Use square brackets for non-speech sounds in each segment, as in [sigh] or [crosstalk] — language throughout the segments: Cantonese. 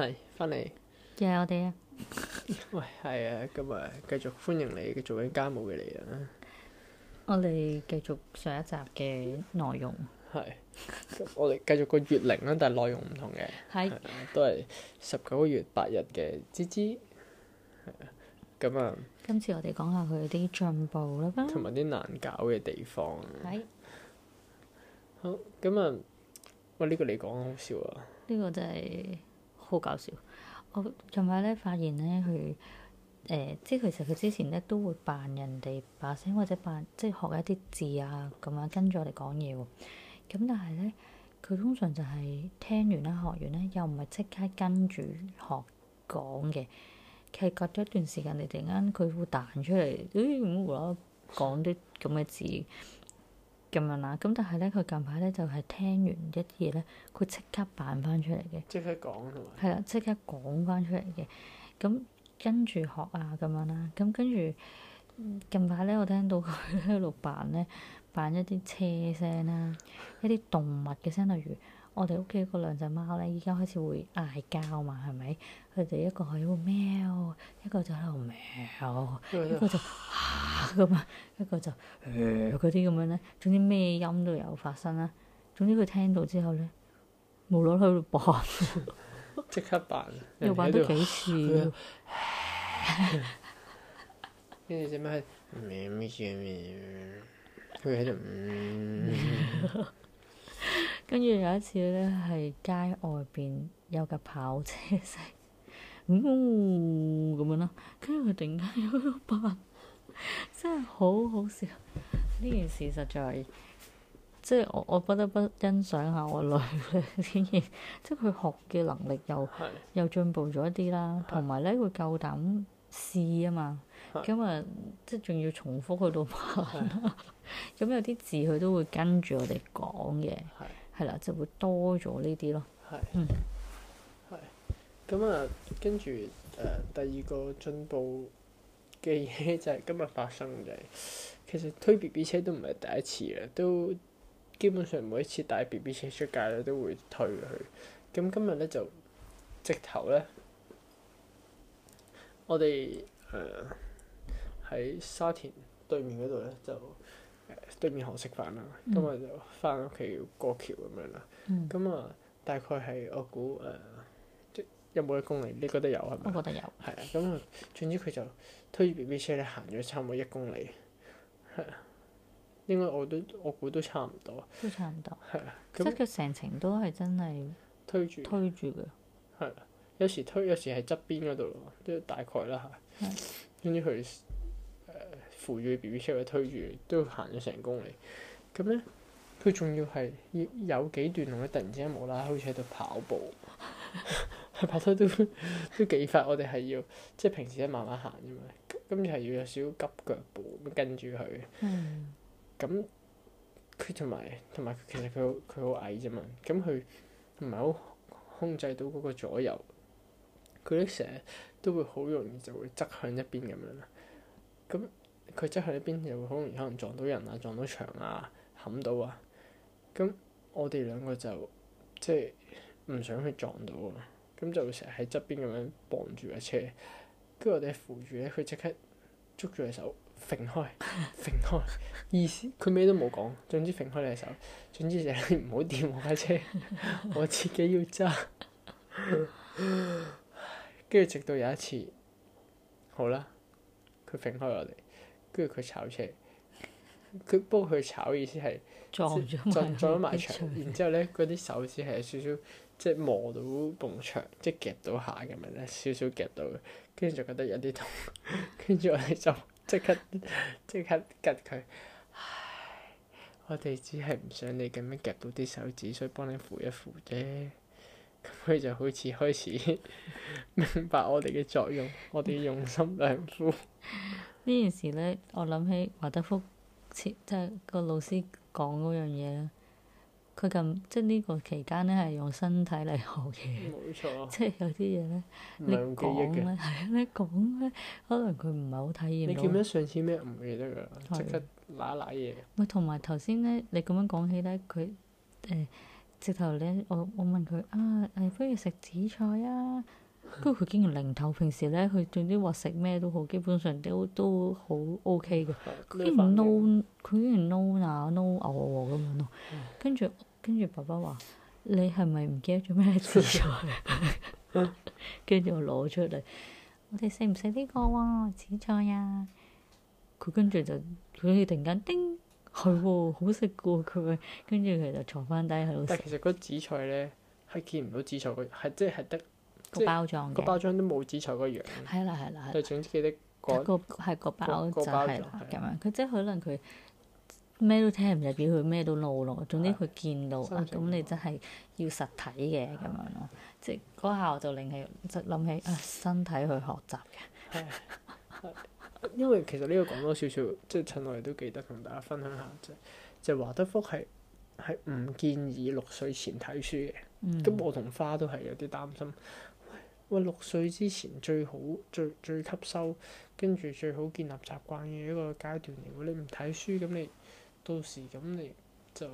係，翻嚟，又係我哋啊！喂，係啊，咁啊，繼續歡迎你做緊家務嘅你啊！我哋繼續上一集嘅內容，係我哋繼續個月齡啦，但係內容唔同嘅，係都係十九個月八日嘅芝芝，係啊，咁啊，今次我哋講下佢啲進步啦，同埋啲難搞嘅地方，係好，咁啊，喂，呢個你講好笑啊！呢個就係。好搞笑！我尋日咧，發現咧，佢誒、呃、即係其實佢之前咧都會扮人哋把聲，或者扮即係學一啲字啊咁樣，跟住我哋講嘢喎。咁但係咧，佢通常就係聽完啦、學完咧，又唔係即刻跟住學講嘅。佢係隔咗一段時間，你突然間佢會彈出嚟咦，咁，胡攞講啲咁嘅字。咁樣啦，咁但係咧，佢近排咧就係、是、聽完一啲嘢咧，佢即刻扮翻出嚟嘅。即刻講同埋。係啦，即刻講翻出嚟嘅，咁跟住學啊咁樣啦，咁跟住近排咧，我聽到佢喺度扮咧，扮一啲車聲啦，一啲動物嘅聲例如。我哋屋企嗰兩隻貓咧，依家開始會嗌交嘛，係咪？佢哋一個喺度喵，一個就喺度喵，一個就嚇咁啊，一個就誒啲咁樣咧。總之咩音都有發生啦。總之佢聽到之後咧，冇攞佢度扮，即刻扮。又玩得幾次。跟住隻貓係喵喵喵，佢喺度嗯。跟住有一次咧，係街外邊有架跑車聲，嗚，咁樣咯。跟住佢突然間有個扮，真係好好笑。呢件事實在即係我我不得不欣賞下我女嘅， [laughs] 即係佢學嘅能力又的又進步咗一啲啦，同埋咧佢夠膽試啊嘛。咁啊的，即係仲要重複去到扮啦。咁的 [laughs] 有啲字佢都會跟住我哋講嘅。係啦，就會多咗呢啲咯。係。係。咁、嗯、啊，跟住誒第二個進步嘅嘢就係今日發生嘅。其實推 B B 車都唔係第一次啦，都基本上每一次帶 B B 車出街咧都會推佢。咁、嗯、今日咧就直頭咧，我哋誒喺沙田對面嗰度咧就。對面河食飯啦，咁啊、嗯、就翻屋企過橋咁樣啦，咁啊、嗯、大概係我估誒即係有冇一公里？你覺得有係咪？我覺得有。係啊，咁啊總之佢就推住 B B 車咧行咗差唔多一公里，係啊，應該我都我估都差唔多，都差唔多。係啊，即係佢成程都係真係推住推住嘅，係啊，有時推有時係側邊嗰度咯，即係大概啦嚇。係。跟住佢。扶住 B B 車推，推住都行咗成公里。咁咧，佢仲要係，要有幾段路，同佢突然之間冇啦好似喺度跑步，係 [laughs] 拍拖都都幾快。我哋係要即係平時咧慢慢行啫嘛，咁就係要有少少急腳步咁跟住佢。咁佢同埋同埋，其實佢佢好矮啫嘛。咁佢唔係好控制到嗰個左右，佢咧成日都會好容易就會側向一邊咁樣啦。咁。佢側去一邊，又好容易可能撞到人啊、撞到牆啊、冚到啊。咁我哋兩個就即係唔想去撞到啊。咁就會成日喺側邊咁樣綁住架車，跟住我哋扶住咧，佢即刻捉住隻手揈開，揈開 [laughs] 意思佢咩都冇講，總之揈開你隻手，總之就係你唔好掂我架車， [laughs] [laughs] 我自己要揸。跟 [laughs] 住直到有一次，好啦，佢揈開我哋。跟住佢炒出嚟，佢幫佢炒意思係撞撞咗埋牆，然之後咧，嗰啲手指係有少少即係磨到埲牆，即係夾到下咁樣咧，少少夾到，跟住就覺得有啲痛。跟住我哋就即刻即 [laughs] 刻吉佢，唉，我哋只係唔想你咁樣夾到啲手指，所以幫你扶一扶啫。咁佢就好似開始 [laughs] 明白我哋嘅作用，我哋用心良苦。 [laughs] [laughs] 呢件事咧，我諗起華德福，即係個老師講嗰樣嘢，佢咁即係呢個期間咧係用身體嚟學嘢，冇錯即係有啲嘢咧，你講說咧，係啊，你講咧，可能佢唔係好體驗到。你記唔記得上次咩？唔記得㗎，即刻拉拉嘢。咪同埋頭先咧，你咁樣講起咧，佢誒、呃、直頭咧，我我問佢啊，誒、哎、不如食紫菜啊。跟住佢竟然零頭，平時咧佢總之話食咩都好，基本上都都好 O K 嘅。佢、嗯、竟然 no，佢竟然 no 牙 no 牛咁樣咯、嗯。跟住跟住爸爸話：你係咪唔記得咗咩紫菜？ [laughs] [laughs] 跟住我攞出嚟、嗯，我哋食唔食呢個喎紫菜啊？佢跟住就佢突然間叮，係喎、哦、好食嘅佢。跟住佢就坐翻低喺度食。但其實嗰紫菜咧係見唔到紫菜嘅，係即係得。個包裝嘅個包裝都冇紫菜個樣，係啦係啦係啦。總之記得個包，個包裝係咁樣，佢即係可能佢咩都聽唔入耳，佢咩都怒咯。總之佢見到啊，咁你真係要實體嘅咁樣咯。即係嗰下我就令起，就諗起啊，身體去學習嘅。因為其實呢個講多少少，即係趁我哋都記得同大家分享下，就係即華德福係係唔建議六歲前睇書嘅。咁我同花都係有啲擔心。喂，六歲之前最好最最吸收，跟住最好建立習慣嘅一個階段嚟。如果你唔睇書，咁你到時咁你就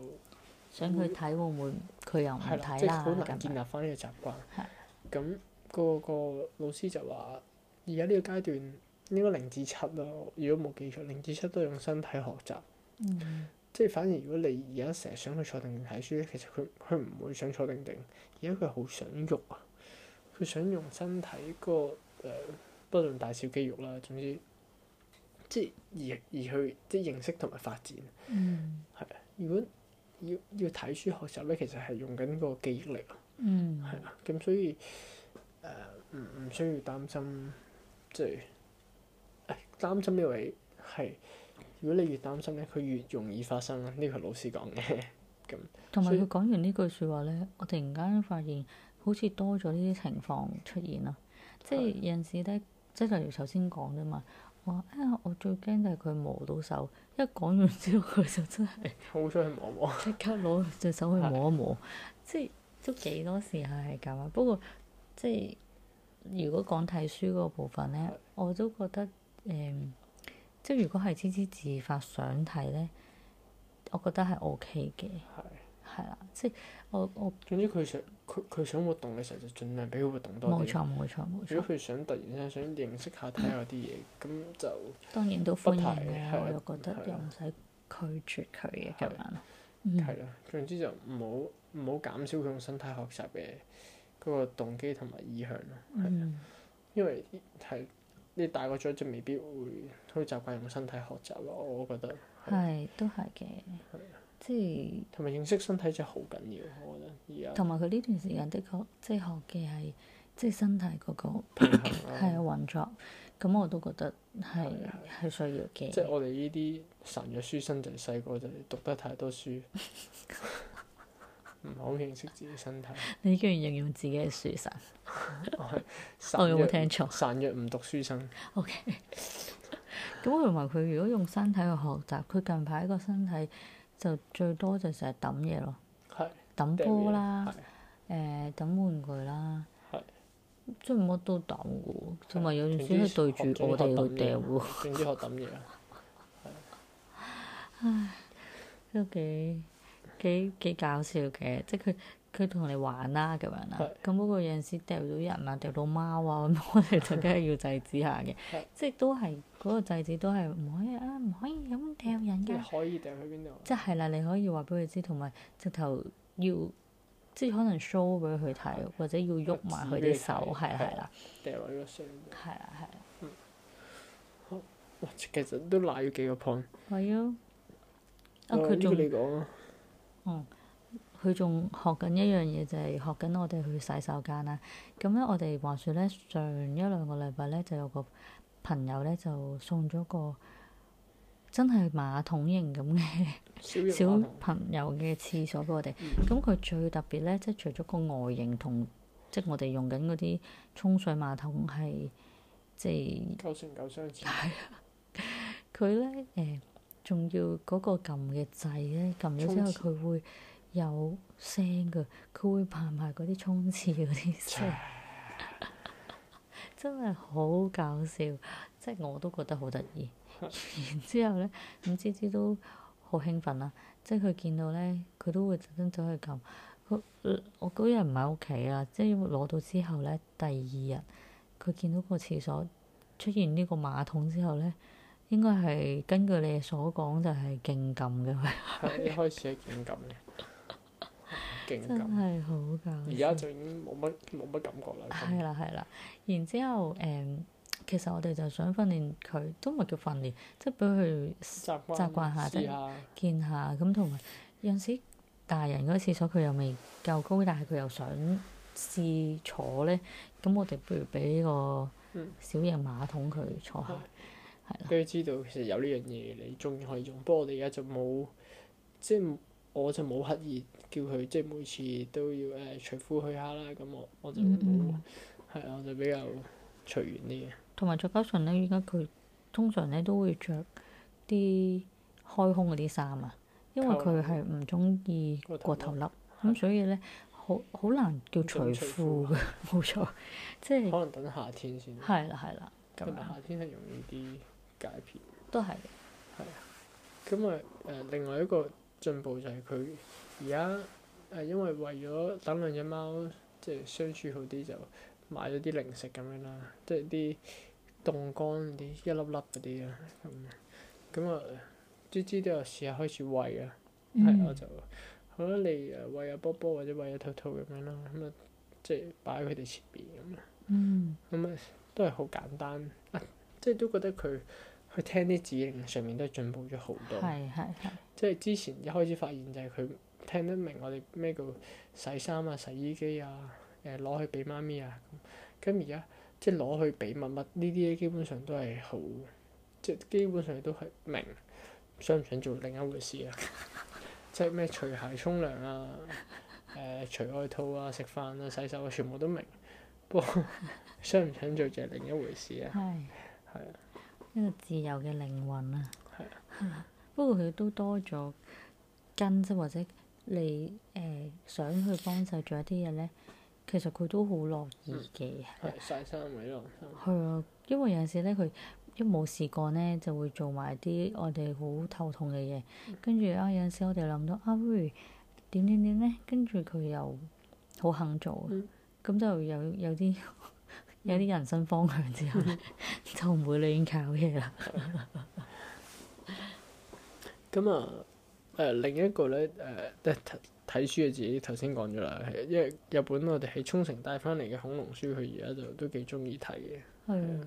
想去睇會唔會？佢又唔睇啦，即係好難建立翻呢個習慣。係的。咁嗰個老師就話：而家呢個階段應該零至七咯。如果冇記錯，零至七都用身體學習。嗯。即係反而，如果你而家成日想去坐定定睇書咧，其實佢佢唔會想坐定定，而家佢好想喐啊！佢想用身體個誒，不、呃、論大小肌肉啦，總之，即係而而佢即係認識同埋發展，係、嗯。如果要要睇書學習咧，其實係用緊個記憶力咯，係啦、嗯。咁所以誒，唔、呃、唔需要擔心，即係誒擔心位，因為係如果你越擔心咧，佢越容易發生啊！呢、呢個老師講嘅咁。同埋佢講完句呢句説話咧，我突然間發現。好似多咗呢啲情況出現啦，即係有陣時咧，即係例如頭先講啫嘛，話啊、哎、我最驚就係佢磨到手，一講完之後佢就真係好想去摸摸， [laughs] 即刻攞隻手去摸一摸，即係都幾多時候係咁。不過即係如果講睇書嗰個部分咧， [laughs] 我都覺得誒、嗯，即係如果係啲啲自發想睇咧，我覺得係 O K 嘅。 [laughs] 係啦，即係我我。我總之佢想佢佢想活動嘅時候就盡量俾佢活動多啲。冇錯冇錯冇錯。錯如果佢想突然間想認識下睇下啲嘢，咁、嗯、就當然都歡迎對我又覺得又唔使拒絕佢嘅咁樣。係啦對、嗯，總之就唔好唔好減少佢用身體學習嘅嗰個動機同埋意向咯，係、嗯、因為係你大個咗就未必會會習慣用身體學習咯，我覺得係都係嘅。對即係同埋認識身體就好緊要，我覺得而家同埋佢呢段時間的確即係學嘅係即係身體嗰、那個平衡啊，係 [laughs] 運作，咁我都覺得係係需要嘅。即係我哋呢啲孱弱書生就係細個就係、是、讀得太多書，唔好 [laughs] [laughs] 認識自己身體。 [laughs] 你居然形容自己係書生，孱 [laughs] [laughs] 孱略我有冇聽錯？孱弱唔讀書生。OK。咁同埋佢如果用身體去學習，佢近排個身體。就最多就成日抌嘢咯，抌波是啦，誒抌是、呃、玩具啦，即係冇乜都抌喎，同埋是有陣時係對住我哋去掟喎。點知學抌嘢啊？係，都幾幾幾搞笑嘅，即係佢。佢同你玩啦，咁樣啦，咁不過有陣時掉到人啊，掉到貓啊，咁我哋就梗係要制止下嘅。即係都係嗰個制止，都係唔可以啊，唔可以咁掉人嘅？你可以掉去邊度？即係啦，你可以話俾佢知，同埋直頭要，即係可能 show 俾佢睇，或者要喐埋佢啲手，係係啦。掉落去個箱。係啊係啊。嗯。其實都瀨咗幾個 point。係啊。啊！佢仲。嗯。佢仲學緊一樣嘢，就係、是、學緊我哋去洗手間啦。咁咧，我哋話説咧，上一兩個禮拜咧，就有個朋友咧，就送咗個真係馬桶型咁嘅小朋友嘅廁所俾我哋。咁佢、嗯、最特別咧，即係除咗個外形同即係我哋用緊嗰啲沖水馬桶係即係九成九相似。係啊 [laughs] ，佢咧誒，仲要嗰個撳嘅掣咧，撳咗之後佢會，有聲㗎，佢會扮埋嗰啲沖廁嗰啲聲， [laughs] 真係好搞笑，即係我都覺得好得意。 [laughs] 然之後咧，咁芝芝都好興奮啦，即係佢見到咧，佢都會特登走去撳。佢、呃、我嗰日唔喺屋企啊，即係攞到之後咧，第二日佢見到個廁所出現呢個馬桶之後咧，應該係根據你所講就係勁撳嘅，係 [laughs] 一開始係勁撳嘅。 [laughs] 真係好搞笑。而家就已經冇乜冇乜感覺啦。係啦係啦，然之後誒、嗯，其實我哋就想訓練佢，都唔係叫訓練，即係俾佢習慣下，即係見下。咁同埋有陣時大人嗰個廁所佢又未夠高，但係佢又想試坐咧。咁我哋不如俾個小型馬桶佢坐下，係啦。佢知道其實有呢樣嘢，你鍾意可以用。不過我哋而家就冇，即係。我就冇刻意叫佢，即係每次都要誒除褲去下啦。咁我我就冇，係啊，我就比較隨緣啲。同埋再加上咧，依家佢通常咧都會着啲開胸嗰啲衫啊，因為佢係唔中意過頭笠咁，所以咧好好難叫除褲嘅。冇錯，即係可能等夏天先係啦，係啦，咁夏天係容易啲解片都係，係啊。咁啊誒，另外一個。進步就係佢而家誒，因為為咗等兩隻貓即係、就是、相處好啲，就買咗啲零食咁樣啦，即係啲凍乾啲一粒粒嗰啲啊咁。咁、嗯、啊，啲啲都有試下開始餵、嗯、啊，係我就好啦，你誒餵阿、啊、波波或者餵阿兔兔咁樣啦，咁啊即係擺喺佢哋前邊咁。嗯。咁、就、啊、是嗯嗯嗯，都係好簡單，即、啊、係、就是、都覺得佢。佢聽啲指令上面都進步咗好多，係係即係之前一開始發現就係、是、佢聽得明我哋咩叫洗衫啊、洗衣機啊、誒、呃、攞去俾媽咪啊。咁而家即係攞去俾乜乜呢啲嘢基本上都係好，即係基本上都係明。想唔想做另一回事啊？ [laughs] 即係咩除鞋、沖涼啊、誒、呃、除外套啊、食飯啊、洗手啊，全部都明。 [laughs] 想不過想唔想做就係另一回事啊。係的。啊。 [laughs] 一個自由嘅靈魂啊，不過佢都多咗根啫，或者你誒想去幫手做一啲嘢咧，其實佢都好樂意嘅。曬衫咪晾衫。係啊，因為有陣時咧，佢一冇事過咧，就會做埋啲我哋好頭痛嘅嘢。跟住啊，有陣時我哋諗到啊，喂，如點點點咧，跟住佢又好肯做，咁、嗯、就有有啲。有啲人生方向之後咧，就唔會亂靠嘢啦。咁啊，誒、呃、另一個咧，誒即係睇睇書嘅自己頭先講咗啦。因為日本我哋喺沖繩帶翻嚟嘅恐龍書，佢而家就都幾中意睇嘅。係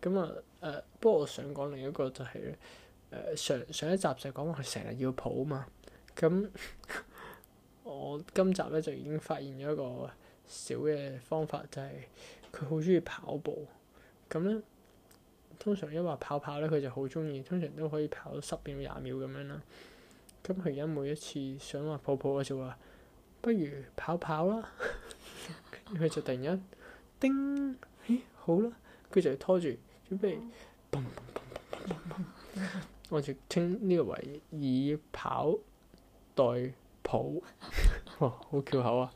咁的、呃、啊誒、呃，不過我想講另一個就係、是、誒、呃、上上一集就講話佢成日要抱啊嘛。咁我今集咧就已經發現咗一個小嘅方法，就係、是、～佢好中意跑步，咁咧通常一話跑跑咧，佢就好中意，通常都可以跑到十秒、廿秒咁樣啦。咁佢而家每一次想話抱抱嘅就話，不如跑跑啦。佢 [laughs] 就突然間，叮，咦好啦，佢就拖住，準備，我就稱呢個為以跑代抱， [laughs] 哇好翹口啊，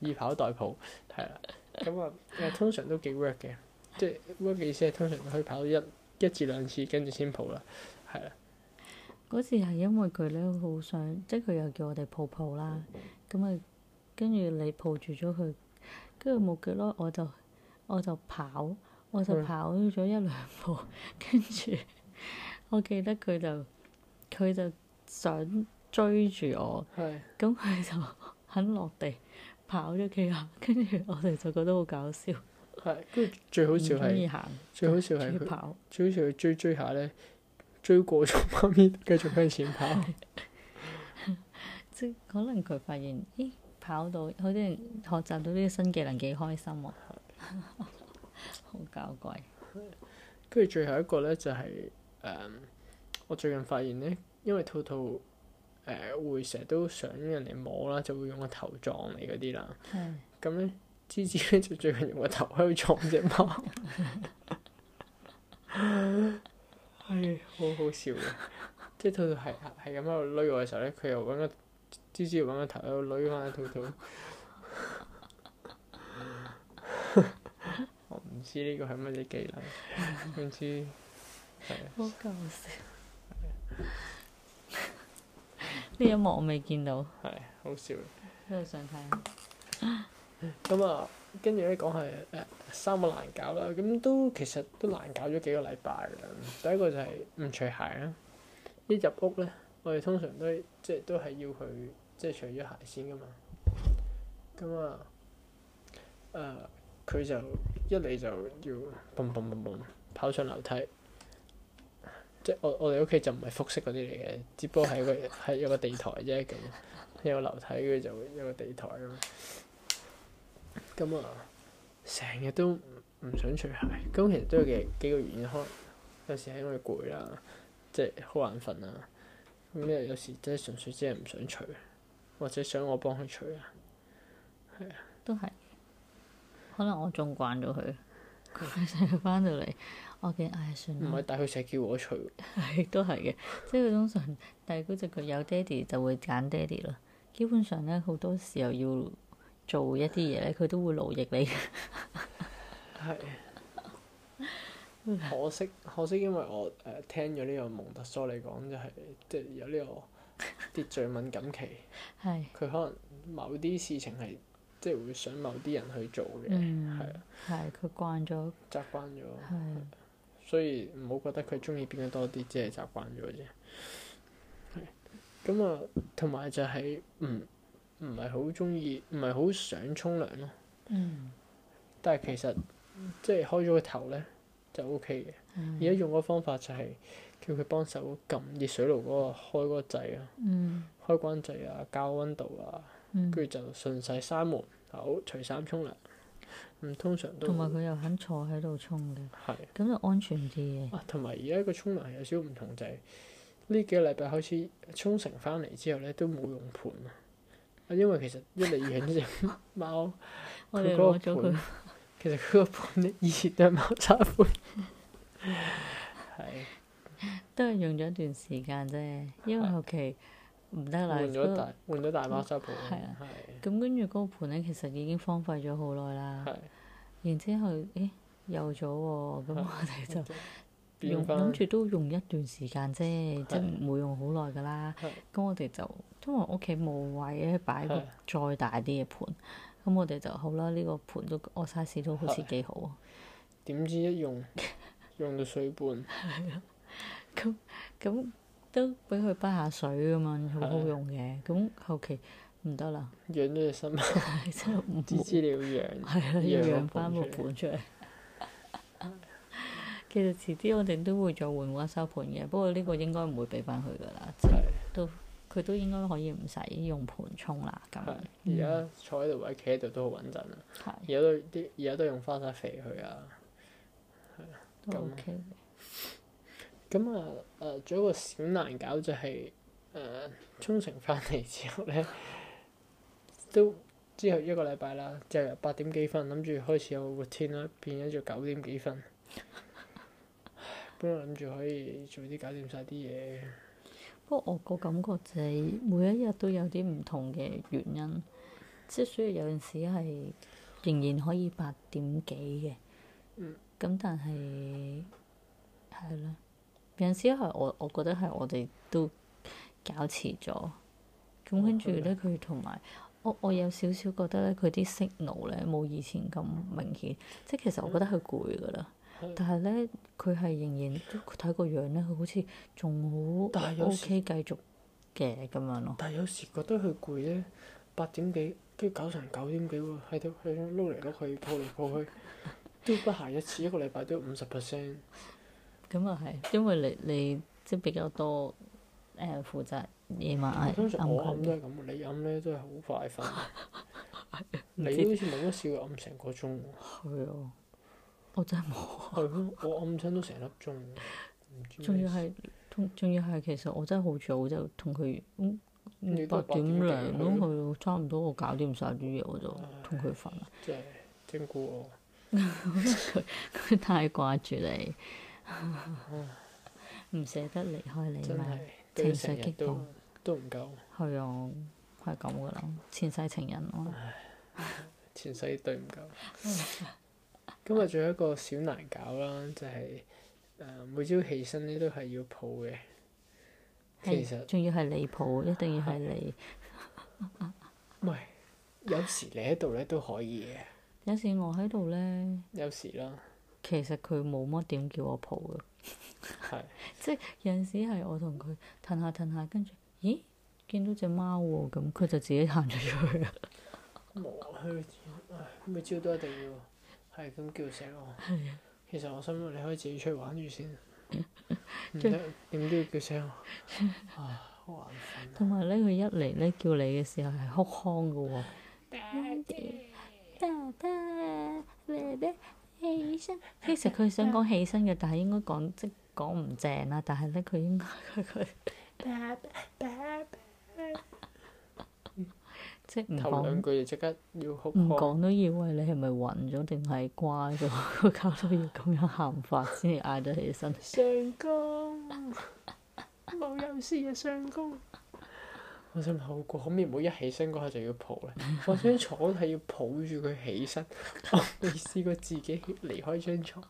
以跑代抱係啦。咁啊，誒、嗯、通常都幾 work 嘅，即係 work 嘅意思係通常可以跑一一至兩次，跟住先抱啦，係啦。嗰時係因為佢咧好想，即係佢又叫我哋抱抱啦，咁啊、嗯，跟住你抱住咗佢，跟住冇幾耐咯，我就我就跑，我就跑咗一兩步，跟住我記得佢就佢就想追住我，咁佢就肯落地。跑咗幾下，跟住我哋就覺得好搞笑。係，跟住最好笑係，最好笑係佢，最好笑追好笑追，追下咧，追過咗媽咪，繼續向前跑。即可能佢發現，咦，跑到，好多人學習到啲新技能幾開心喎。 [laughs] [laughs] 好搞怪。跟住最後一個咧，就係、是、誒、嗯，我最近發現咧，因為兔兔。誒會成日都想人哋摸啦，就會用個頭撞你嗰啲啦。咁咧，芝芝咧就最近用個頭喺度撞隻貓，唉，好好笑啊！即係兔兔係係咁喺度攣我嘅時候咧，佢又揾個芝芝揾個頭喺度攣翻隻兔兔。我唔知呢個係乜嘢技能，唔知。好搞笑。呢一幕我未見到，係好笑。喺度、嗯、想睇啊！咁啊、嗯，跟住咧講係誒三個難搞啦，咁都其實都難搞咗幾個禮拜噶。第一個就係唔除鞋啦，嗯、一入屋咧，我哋通常都即係都係要去，即係除咗鞋先噶嘛。咁、嗯、啊，誒、嗯、佢就一嚟就要砰砰砰砰跑上樓梯。即係我我哋屋企就唔係復式嗰啲嚟嘅，只不過係個係一個地台啫咁，有個樓梯佢就有個地台咁。咁啊，成日都唔想除鞋，咁其實都有幾幾個原因，可能有時係因為攰啦，即係好眼瞓啦。咁又有時即係純粹即係唔想除，或者想我幫佢除啊，係啊。都係。可能我仲慣咗佢，佢成日返到嚟。我見哎算啦，唔係，但佢成日叫我除喎。係都係嘅，即係通常，但係嗰隻佢有爹 a 就會揀爹 a d 咯。基本上咧，好多時候要做一啲嘢咧，佢都會勞役你。係、嗯。 [laughs] 可惜可惜，因為我誒、呃、聽咗呢個蒙特梭嚟講，就係即係有呢個啲最敏感期。係、 [laughs] 嗯。佢可能某啲事情係即係會想某啲人去做嘅，係啊。係佢慣咗。習慣咗。係。 [laughs] 所以唔好覺得佢中意變得多啲、嗯，即係習慣咗啫。係，咁啊，同埋就係唔唔係好中意，唔係好想沖涼咯。但係其實即係開咗個頭咧，就 O K 嘅。而家、嗯、用個方法就係叫佢幫手撳熱水爐嗰個開個掣、嗯、啊。嗯。開關掣啊，校温度啊，跟住、嗯、就順勢閂門好，除衫沖涼。唔通常都，同埋佢又肯坐喺度沖嘅，咁的就安全啲嘅。啊，同埋而家個沖涼係有少唔同，就係呢幾個禮拜開始沖繩翻嚟之後咧，都冇用盤啊，因為其實一嚟養隻貓，佢嗰 [laughs] 個盤，其實佢個盤咧以前都係貓砂盤，係 [laughs] [laughs] 的都係用咗一段時間啫，因為後期。唔得啦，換咗大，換咗大花樽盤。係、嗯、啊，咁跟住嗰個盤咧，其實已經荒廢咗好耐啦。係。然之後，誒、欸，又咗喎，咁、啊、我哋就用諗住都用一段時間啫，啊、即係唔會用好耐㗎啦。咁、啊、我哋就因為屋企冇位咧擺個再大啲嘅盤，咁、啊、我哋就好啦。呢、這個盤都，我 size 都好似幾好啊。點知一用，用到水半。係咯。咁咁。嗯都俾佢掰下水咁啊，好好用嘅。咁後期唔得啦，養咗隻生物真係唔知知你要養，要養翻個盤出嚟。其實遲啲我哋都會再換翻收盤嘅，不過呢個應該唔會俾翻佢噶啦，都、就、佢、是、都應該可以唔使用盤沖啦。咁而家坐喺度或者企喺度都好穩陣啊。而家都啲而家都用翻晒肥佢啊，係啊，都 OK。咁啊！誒，仲、呃、有一個小難搞就係、是、誒、呃、沖繩翻嚟之後咧，都之後一個禮拜啦，就頭八點幾分諗住開始有活天啦，變咗做九點幾分。本來諗住可以早啲搞掂晒啲嘢。 [laughs] 不過我個感覺就係、是、每一日都有啲唔同嘅原因，即係所以有陣時係仍然可以八點幾嘅。嗯。咁，但係係咯。有陣時係我，我覺得係我哋都搞遲咗。咁跟住咧，佢同埋，我我有少少覺得咧，佢啲息怒咧冇以前咁明顯。即係其實我覺得佢攰噶啦，的但係咧佢係仍然睇個樣咧，佢好似仲好但係 OK 繼續嘅咁樣咯。但係有時覺得佢攰咧，八點幾跟住搞成九點幾喎，喺度喺度碌嚟碌去，抱嚟抱去， [laughs] 都不行一次，一個禮拜都五十 percent。咁啊係，因為你你即係比較多誒、呃、負責夜晚暗、嗯、我諗、嗯、都係咁、 [laughs] 哎、你暗咧真係好快瞓。你好似冇乜少暗成個鐘喎。係啊，我真係冇。 [laughs] 我暗親都成粒鐘。仲要係，仲要係，其實我真係好早，就同佢八點零咯，嗯嗯、差唔多我搞掂晒啲嘢，我就同佢瞓。真係照顧我。佢 [laughs] [laughs] 太掛住你。唔 [laughs] 捨得離開你嘛？真係情緒激動都唔 [laughs] 夠。係啊，係咁噶啦，前世情人啊。前世對唔夠。 [laughs] 今日仲有一個小難搞啦，就係、是、誒、呃、每朝起身咧都係要抱嘅。其實。仲要係你抱，一定要係你。唔 [laughs] 係，有時你喺度咧都可以嘅。 [laughs] 有時我喺度咧。 [laughs] 有時啦。其實佢冇乜點叫我抱嘅 [laughs] 是， [laughs] 即係有陣時係我同佢騰下騰下，跟住咦見到隻貓喎、哦、咁，佢就自己行咗出去啦 [laughs] 。冇啊、哎，每朝都一定要係咁叫醒我。其實我心諗你可以自己出去玩住先，唔得，點都要叫醒我。好眼瞓，同埋咧，佢、啊、一嚟咧，叫你嘅時候係哭腔嘅喎。爸爸嗯起身，其實佢想講起身嘅，但係應該講即講唔正啦。但係咧，佢應該佢 [laughs] 即唔講說。頭兩句就即刻要唔講 [laughs] 都以餵你係咪暈咗定係乖咗？佢搞到要咁樣喊法先至嗌得起身。上公，冇有事啊，上公。我想好過，可唔可以唔好一起身嗰下就要抱咧？我張牀係要抱住佢起身，我未試過自己離開張牀。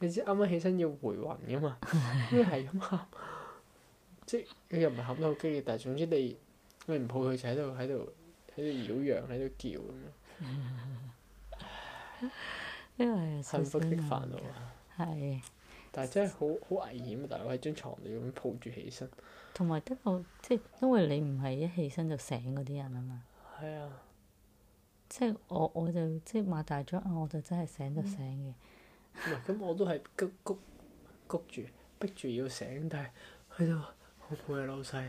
你知啱啱起身要回魂嘅嘛？你係咁喊，即係又唔係喊得好激烈，但係總之你，你唔抱佢就喺度喺度喺度擾攘，喺度叫咁樣。因為幸福的煩惱啊！係。但係真係好好危險啊！大佬喺張床度咁抱住起身，同埋得我，即係因為你唔係一起身就醒嗰啲人啊嘛。係啊，即係我我就即係擘大咗，我就真係醒就醒嘅。唔係、嗯，咁 [laughs] 我都係谷谷谷住，逼住要醒，但係喺度好攰啊，老細、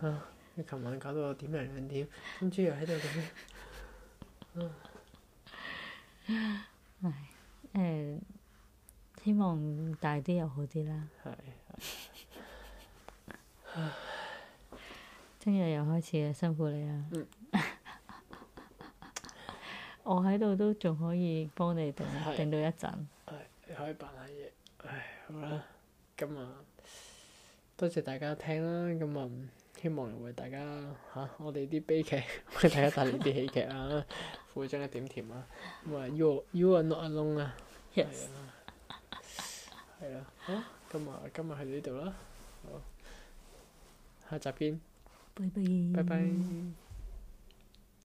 啊、你琴晚搞到我點零兩點，今朝又喺度咁。啊 [laughs] 希望大啲又好啲啦。係。聽日又開始啦，辛苦你啦。我喺度都仲可以幫你頂頂到一陣。係，可以扮下嘢。唉，好啦，咁啊，多謝大家聽啦。咁啊，希望為大家嚇我哋啲悲劇，為大家帶來啲喜劇啊，苦中一點甜啊。You you are not alone 啊。Yes. 係啦，好， [music] 今日今日喺呢度啦，好，下集見，拜拜。